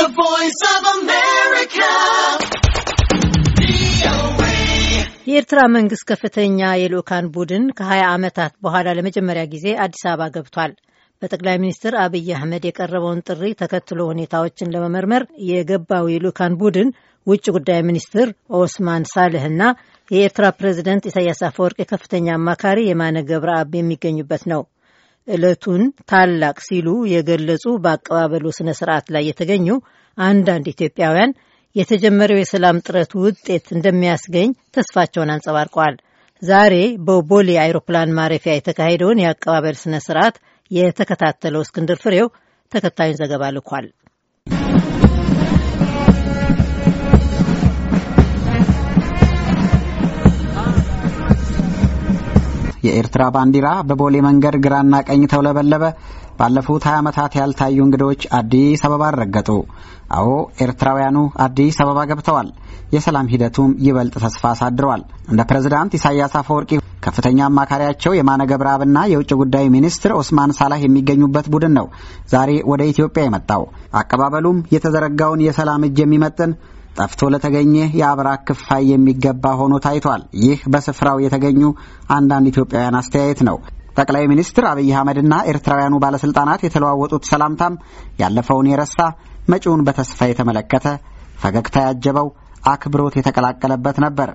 The Voice of America. የኤርትራ መንግስት ከፍተኛ የልኡካን ቡድን ከ20 ዓመታት በኋላ ለመጀመሪያ ጊዜ አዲስ አበባ ገብቷል። በጠቅላይ ሚኒስትር አብይ አህመድ የቀረበውን ጥሪ ተከትሎ ሁኔታዎችን ለመመርመር የገባው የልኡካን ቡድን ውጭ ጉዳይ ሚኒስትር ኦስማን ሳልህ እና የኤርትራ ፕሬዚደንት ኢሳያስ አፈወርቅ ከፍተኛ አማካሪ የማነ ገብረአብ የሚገኙበት ነው። ዕለቱን ታላቅ ሲሉ የገለጹ በአቀባበሉ ስነ ስርዓት ላይ የተገኙ አንዳንድ ኢትዮጵያውያን የተጀመረው የሰላም ጥረት ውጤት እንደሚያስገኝ ተስፋቸውን አንጸባርቀዋል። ዛሬ በቦሌ አይሮፕላን ማረፊያ የተካሄደውን የአቀባበል ስነ ስርዓት የተከታተለው እስክንድር ፍሬው ተከታዩን ዘገባ ልኳል። የኤርትራ ባንዲራ በቦሌ መንገድ ግራና ቀኝ ተውለበለበ። ባለፉት 20 ዓመታት ያልታዩ እንግዶች አዲስ አበባ ረገጡ። አዎ ኤርትራውያኑ አዲስ አበባ ገብተዋል። የሰላም ሂደቱም ይበልጥ ተስፋ አሳድረዋል። እንደ ፕሬዝዳንት ኢሳያስ አፈወርቂ ከፍተኛ አማካሪያቸው የማነ ገብረአብና የውጭ ጉዳይ ሚኒስትር ኦስማን ሳላህ የሚገኙበት ቡድን ነው ዛሬ ወደ ኢትዮጵያ የመጣው። አቀባበሉም የተዘረጋውን የሰላም እጅ የሚመጥን ጠፍቶ ለተገኘ የአብራክ ክፋይ የሚገባ ሆኖ ታይቷል። ይህ በስፍራው የተገኙ አንዳንድ ኢትዮጵያውያን አስተያየት ነው። ጠቅላይ ሚኒስትር አብይ አህመድና ኤርትራውያኑ ባለስልጣናት የተለዋወጡት ሰላምታም ያለፈውን የረሳ መጪውን በተስፋ የተመለከተ ፈገግታ ያጀበው አክብሮት የተቀላቀለበት ነበር።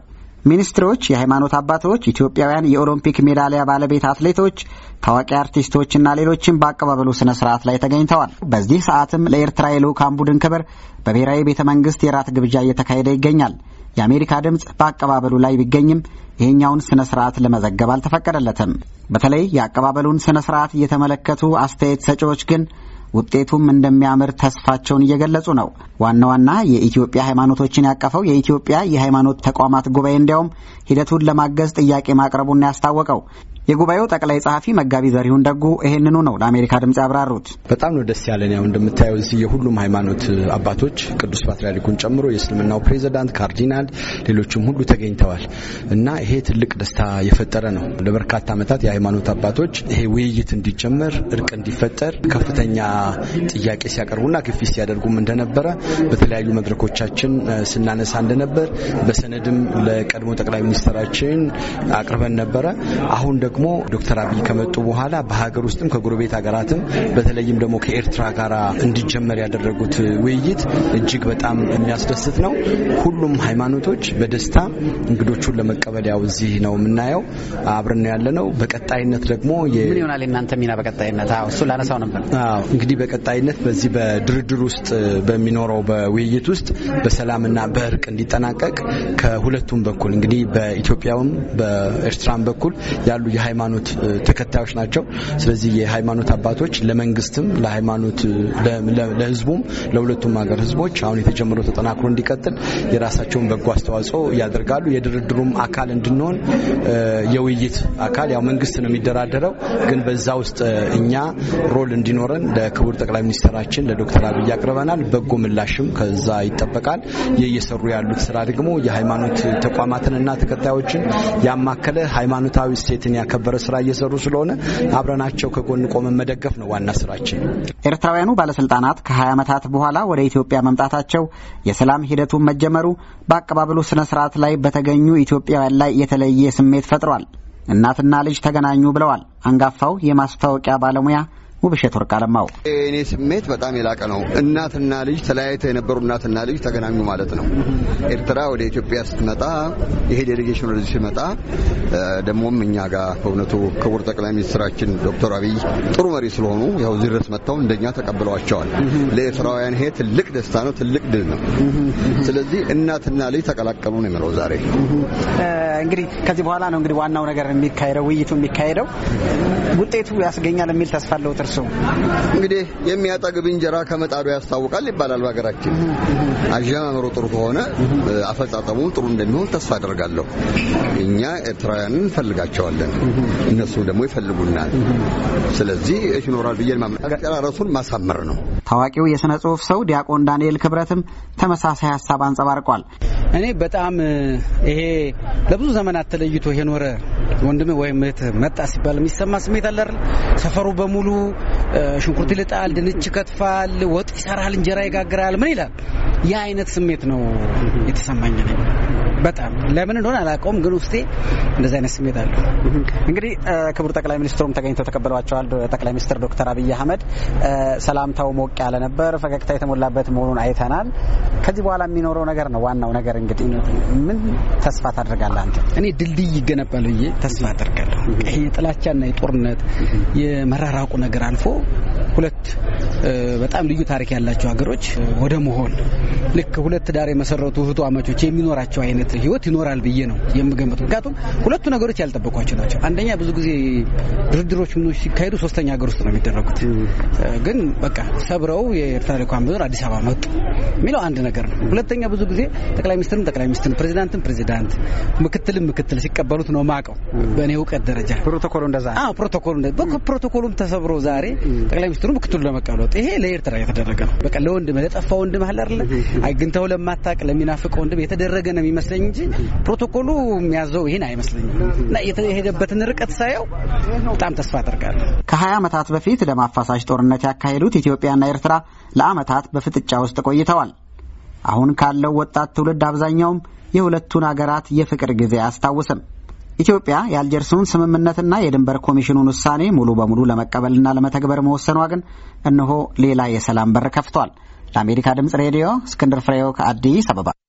ሚኒስትሮች፣ የሃይማኖት አባቶች፣ ኢትዮጵያውያን የኦሎምፒክ ሜዳሊያ ባለቤት አትሌቶች፣ ታዋቂ አርቲስቶችና ሌሎችም በአቀባበሉ ስነ ስርዓት ላይ ተገኝተዋል። በዚህ ሰዓትም ለኤርትራ የልዑካን ቡድን ክብር በብሔራዊ ቤተ መንግስት የራት ግብዣ እየተካሄደ ይገኛል። የአሜሪካ ድምፅ በአቀባበሉ ላይ ቢገኝም ይህኛውን ስነ ስርዓት ለመዘገብ አልተፈቀደለትም። በተለይ የአቀባበሉን ስነ ስርዓት እየተመለከቱ አስተያየት ሰጪዎች ግን ውጤቱም እንደሚያምር ተስፋቸውን እየገለጹ ነው። ዋና ዋና የኢትዮጵያ ሃይማኖቶችን ያቀፈው የኢትዮጵያ የሃይማኖት ተቋማት ጉባኤ እንዲያውም ሂደቱን ለማገዝ ጥያቄ ማቅረቡን ያስታወቀው የጉባኤው ጠቅላይ ጸሐፊ መጋቢ ዘሪሁን ደጉ ይህንኑ ነው ለአሜሪካ ድምፅ ያብራሩት። በጣም ነው ደስ ያለን። ያው እንደምታየው እዚህ የሁሉም ሃይማኖት አባቶች ቅዱስ ፓትርያርኩን ጨምሮ የእስልምናው ፕሬዚዳንት፣ ካርዲናል፣ ሌሎችም ሁሉ ተገኝተዋል እና ይሄ ትልቅ ደስታ የፈጠረ ነው። ለበርካታ ዓመታት የሃይማኖት አባቶች ይሄ ውይይት እንዲጀመር እርቅ እንዲፈጠር ከፍተኛ ጥያቄ ሲያቀርቡና ግፊት ሲያደርጉም እንደነበረ በተለያዩ መድረኮቻችን ስናነሳ እንደነበር በሰነድም ለቀድሞ ጠቅላይ ሚኒስትራችን አቅርበን ነበረ። አሁን ደግሞ ደግሞ ዶክተር አብይ ከመጡ በኋላ በሀገር ውስጥም ከጎረቤት ሀገራትም በተለይም ደግሞ ከኤርትራ ጋር እንዲጀመር ያደረጉት ውይይት እጅግ በጣም የሚያስደስት ነው። ሁሉም ሃይማኖቶች በደስታ እንግዶቹን ለመቀበል ያው እዚህ ነው የምናየው፣ አብረን ነው ነው። በቀጣይነት ደግሞ ምን ይሆናል የእናንተ ሚና በቀጣይነት? እሱ ላነሳው ነበር። እንግዲህ በቀጣይነት በዚህ በድርድር ውስጥ በሚኖረው በውይይት ውስጥ በሰላምና በእርቅ እንዲጠናቀቅ ከሁለቱም በኩል እንግዲህ በኢትዮጵያውም በኤርትራም በኩል ያሉ የሃይማኖት ተከታዮች ናቸው። ስለዚህ የሃይማኖት አባቶች ለመንግስትም፣ ለሃይማኖት ለህዝቡም፣ ለሁለቱም ሀገር ህዝቦች አሁን የተጀመረው ተጠናክሮ እንዲቀጥል የራሳቸውን በጎ አስተዋጽኦ ያደርጋሉ። የድርድሩም አካል እንድንሆን የውይይት አካል ያው መንግስት ነው የሚደራደረው፣ ግን በዛ ውስጥ እኛ ሮል እንዲኖረን ለክቡር ጠቅላይ ሚኒስትራችን ለዶክተር አብይ አቅርበናል። በጎ ምላሽም ከዛ ይጠበቃል። የየሰሩ ያሉት ስራ ደግሞ የሃይማኖት ተቋማትንና ተከታዮችን ያማከለ ሃይማኖታዊ እሴትን ያከ የከበረ ስራ እየሰሩ ስለሆነ አብረናቸው ከጎን ቆመን መደገፍ ነው ዋና ስራችን። ኤርትራውያኑ ባለስልጣናት ከ20 ዓመታት በኋላ ወደ ኢትዮጵያ መምጣታቸው፣ የሰላም ሂደቱን መጀመሩ በአቀባበሉ ስነ ስርዓት ላይ በተገኙ ኢትዮጵያውያን ላይ የተለየ ስሜት ፈጥሯል። እናትና ልጅ ተገናኙ ብለዋል አንጋፋው የማስታወቂያ ባለሙያ ውብሸት ወርቅ አለማው እኔ ስሜት በጣም የላቀ ነው። እናትና ልጅ ተለያይተው የነበሩ እናትና ልጅ ተገናኙ ማለት ነው። ኤርትራ ወደ ኢትዮጵያ ስትመጣ ይሄ ዴሌጌሽን ወደዚህ ሲመጣ ደግሞም እኛ ጋር በእውነቱ ክቡር ጠቅላይ ሚኒስትራችን ዶክተር አብይ ጥሩ መሪ ስለሆኑ ያው እዚህ ድረስ መጥተው እንደኛ ተቀብለዋቸዋል። ለኤርትራውያን ይሄ ትልቅ ደስታ ነው፣ ትልቅ ድል ነው። ስለዚህ እናትና ልጅ ተቀላቀሉ ነው የሚለው ዛሬ እንግዲህ ከዚህ በኋላ ነው እንግዲህ ዋናው ነገር የሚካሄደው ውይይቱ የሚካሄደው ውጤቱ ያስገኛል የሚል ተስፋ አለው። እርሱ እንግዲህ የሚያጠግብ እንጀራ ከመጣዱ ያስታውቃል ይባላል በሀገራችን። አጀማመሩ ጥሩ ከሆነ አፈጻጸሙ ጥሩ እንደሚሆን ተስፋ አደርጋለሁ። እኛ ኤርትራውያንን እንፈልጋቸዋለን፣ እነሱ ደግሞ ይፈልጉናል። ስለዚህ እሽ ኖራል ብዬ ራሱን ማሳመር ነው። ታዋቂው የስነ ጽሑፍ ሰው ዲያቆን ዳንኤል ክብረትም ተመሳሳይ ሀሳብ አንጸባርቋል። እኔ በጣም ይሄ ለብዙ ዘመናት ተለይቶ የኖረ ወንድም ወይም እህት መጣ ሲባል የሚሰማ ስሜት አለ አይደል? ሰፈሩ በሙሉ ሽንኩርት ይልጣል፣ ድንች ከትፋል፣ ወጥ ይሰራል፣ እንጀራ ይጋግራል። ምን ይላል ያ አይነት ስሜት ነው የተሰማኝ ነኝ። በጣም ለምን እንደሆነ አላውቀውም፣ ግን ውስጤ እንደዚህ አይነት ስሜት አለ። እንግዲህ ክቡር ጠቅላይ ሚኒስትሩም ተገኝተው ተቀበሏቸዋል። ጠቅላይ ሚኒስትር ዶክተር አብይ አህመድ ሰላምታው ሞቅ ያለ ነበር፣ ፈገግታ የተሞላበት መሆኑን አይተናል። ከዚህ በኋላ የሚኖረው ነገር ነው ዋናው ነገር። እንግዲህ ምን ተስፋ ታደርጋለህ አንተ? እኔ ድልድይ ይገነባል ብዬ ተስፋ አደርጋለሁ። የጥላቻና የጦርነት የመራራቁ ነገር አልፎ ሁለት በጣም ልዩ ታሪክ ያላቸው ሀገሮች ወደ መሆን ልክ ሁለት ዳር የመሰረቱ እህቱ አማቾች የሚኖራቸው አይነት ህይወት ይኖራል ብዬ ነው የምገምት። ምክንያቱም ሁለቱ ነገሮች ያልጠበቋቸው ናቸው። አንደኛ ብዙ ጊዜ ድርድሮች ምኖች ሲካሄዱ ሶስተኛ ሀገር ውስጥ ነው የሚደረጉት። ግን በቃ ሰብረው የኤርትራ ልዑካን ቢኖር አዲስ አበባ መጡ የሚለው አንድ ነገር ነው። ሁለተኛ ብዙ ጊዜ ጠቅላይ ሚኒስትርም ጠቅላይ ሚኒስትር፣ ፕሬዚዳንትም ፕሬዚዳንት፣ ምክትልም ምክትል ሲቀበሉት ነው ማቀው በእኔ እውቀት ደረጃ ፕሮቶኮሉ እንደዛ ፕሮቶኮሉ ተሰብሮ ዛሬ ጠቅላይ ክትሉ ክትሉ ለመቀበል ይሄ ለኤርትራ የተደረገ ነው። በቃ ለወንድም ለጠፋ ወንድም አለ አይደለ አግኝተው ለማታቅ ለሚናፍቅ ወንድም የተደረገ ነው የሚመስለኝ እንጂ ፕሮቶኮሉ የሚያዘው ይሄን አይመስለኝም። እና የተሄደበትን ርቀት ሳየው በጣም ተስፋ አደርጋለሁ። ዓመታት በፊት ለማፋሳሽ ጦርነት ያካሄዱት ኢትዮጵያና ኤርትራ ለዓመታት በፍጥጫ ውስጥ ቆይተዋል። አሁን ካለው ወጣት ትውልድ አብዛኛውም የሁለቱን አገራት የፍቅር ጊዜ አያስታውስም። ኢትዮጵያ የአልጀርሱን ስምምነትና የድንበር ኮሚሽኑን ውሳኔ ሙሉ በሙሉ ለመቀበልና ለመተግበር መወሰኗ ግን እነሆ ሌላ የሰላም በር ከፍቷል። ለአሜሪካ ድምጽ ሬዲዮ እስክንድር ፍሬው ከአዲስ አበባ